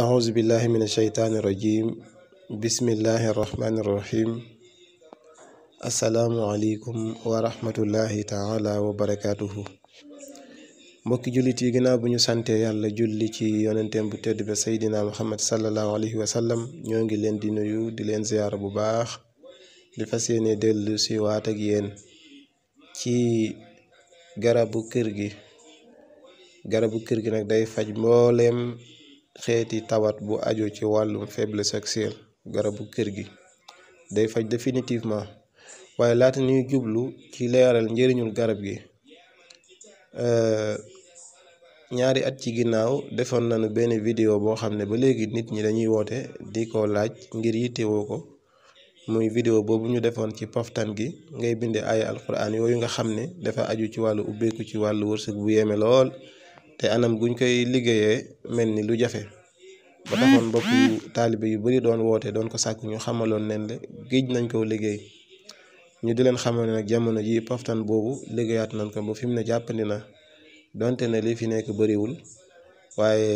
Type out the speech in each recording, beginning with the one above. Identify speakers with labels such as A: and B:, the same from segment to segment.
A: أعوذ بالله من الشيطان الرجيم بسم الله الرحمن الرحيم asalaamualeykum wa taala wa mbokki jullit yi ginnaaw bu ñu sante yàlla julli ci yonenteem bu tedd ba seydina muhammad sallallahu alayhi wa ñoo ngi leen di nuyu di leen ziyaara bu baax di fas yéene dellu si waat ak yéen ci garabu kër gi garabu kër gi nag day faj mbooleem xeeti tawat bu aju ci wàllum faiblesse sexuelle garabu kër gi day faj définitivement waaye laata ñuy jublu ci leeral njëriñul garab gi euh, ñaari at ci ginnaaw defoon nañu benn vidéo boo xam ne ba léegi nit ñi dañuy woote di ko laaj ngir yittewoo ko muy vidéo boobu ñu defoon ci poftan gi ngay binde aaya alquran yooyu nga xam ne dafa aju ci wàllu ubbeeku ci wàllu wërsëg bu yéeme lool te anam guñ koy liggéeyee mel ni lu jafe ba taxoon bopp taalibe yu bari doon woote doon ko sàkk ñu xamaloon leen le géej nañ koo liggéey ñu di leen xamal ne jamono ji paftan boobu liggéeyaat nañ ko ba fi mu ne jàppandi na donte ne li fi nekk bariwul waaye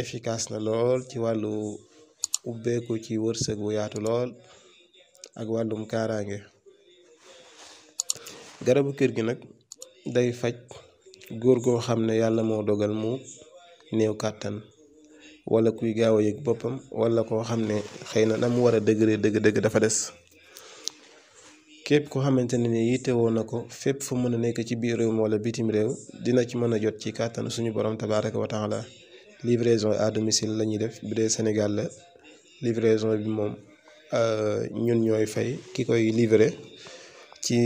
A: efficace na lool ci wàllu ubbeeku ci wërsëg bu yaatu lool ak wàllum kaaraange garabu kër gi nag day faj góor goo xam ne yàlla moo dogal mu néew kàttan walla kuy gaaw a yëg boppam wala koo xam ne xëy na na mu war a dëgëre dëgg dëgg dafa des képp koo xamante ne ni yitte woo na ko fépp fu mën a nekk ci biir réew mi wala bitim réew dina ci mën a jot ci kàttanu suñu borom tabaaraka wa taala livraison à domicile la ñuy def bu dee Sénégal la livraison bi moom euh, ñun ñooy fay ki koy livrer ci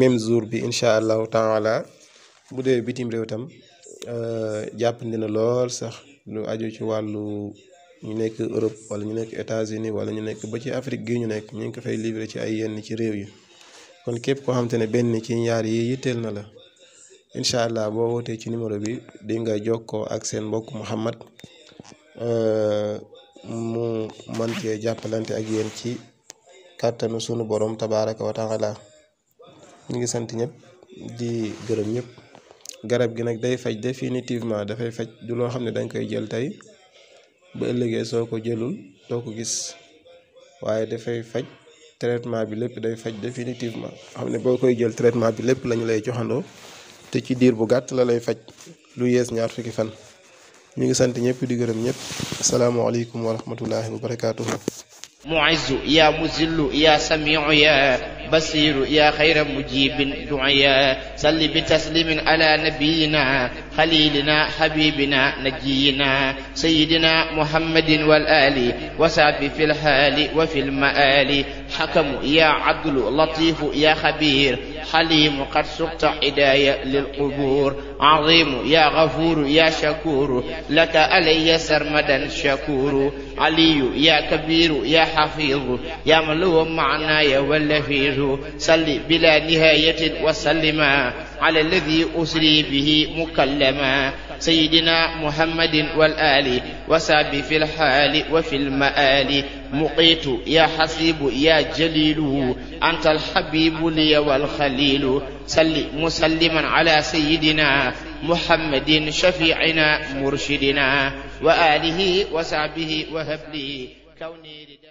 A: même jour bi incha allahu taala bu dee bitim réew itam euh, jàppandi na lool sax lu aju ci wàllu ñu nekk Europe wala ñu nekk États-Unis wala ñu nekk ba ci Afrique gi ñu nekk ñu ngi ko fay livré ci ay yenn ci réew yi kon képp koo xamante ne benn ci ñaar yi teel na la incha allah boo wootee ci numéro bi di nga jokkoo ak seen mbokk Mouhamad euh, mu mën cee jàppalante ak yéen ci kàttanu sunu borom tabaraka wa taala ñu ngi sant ñëpp di gërëm ñëpp. garab gi nag day faj définitivement dafay faj du loo xam ne danga koy jël tey ba ëllëgee soo ko jëlul doo ko gis waaye dafay faj traitement bi lépp day faj définitivement xam ne boo koy jël traitement bi lépp lañu lay joxandoo te ci diir bu gàtt la lay faj lu yees ñaar fukki fan ñu ngi sant ñëpp di gërëm ñëpp asalaamaaleykum wa rahmatullahi wa barakaatuhu
B: mu'izzu ya muzillu ya samiu بصير يا خير مجيب دعيا صل بتسليم على نبينا خليلنا حبيبنا نجينا سيدنا محمد والآل وصحبه في الحال وفي المآل حكم يا عدل لطيف يا خبير حليم قد سقت حدايا للقبور عظيم يا غفور يا شكور لك علي سرمدا شكور علي يا كبير يا حفيظ يا ملو معناي واللفيظ صل بلا نهاية وسلما على الذي أسري به مكلما سيدنا محمد والآل وساب في الحال وفي المآل مقيت يا حسيب يا جليل أنت الحبيب لي والخليل سل مسلما على سيدنا محمد شفيعنا مرشدنا وآله وصحبه وهب لي كوني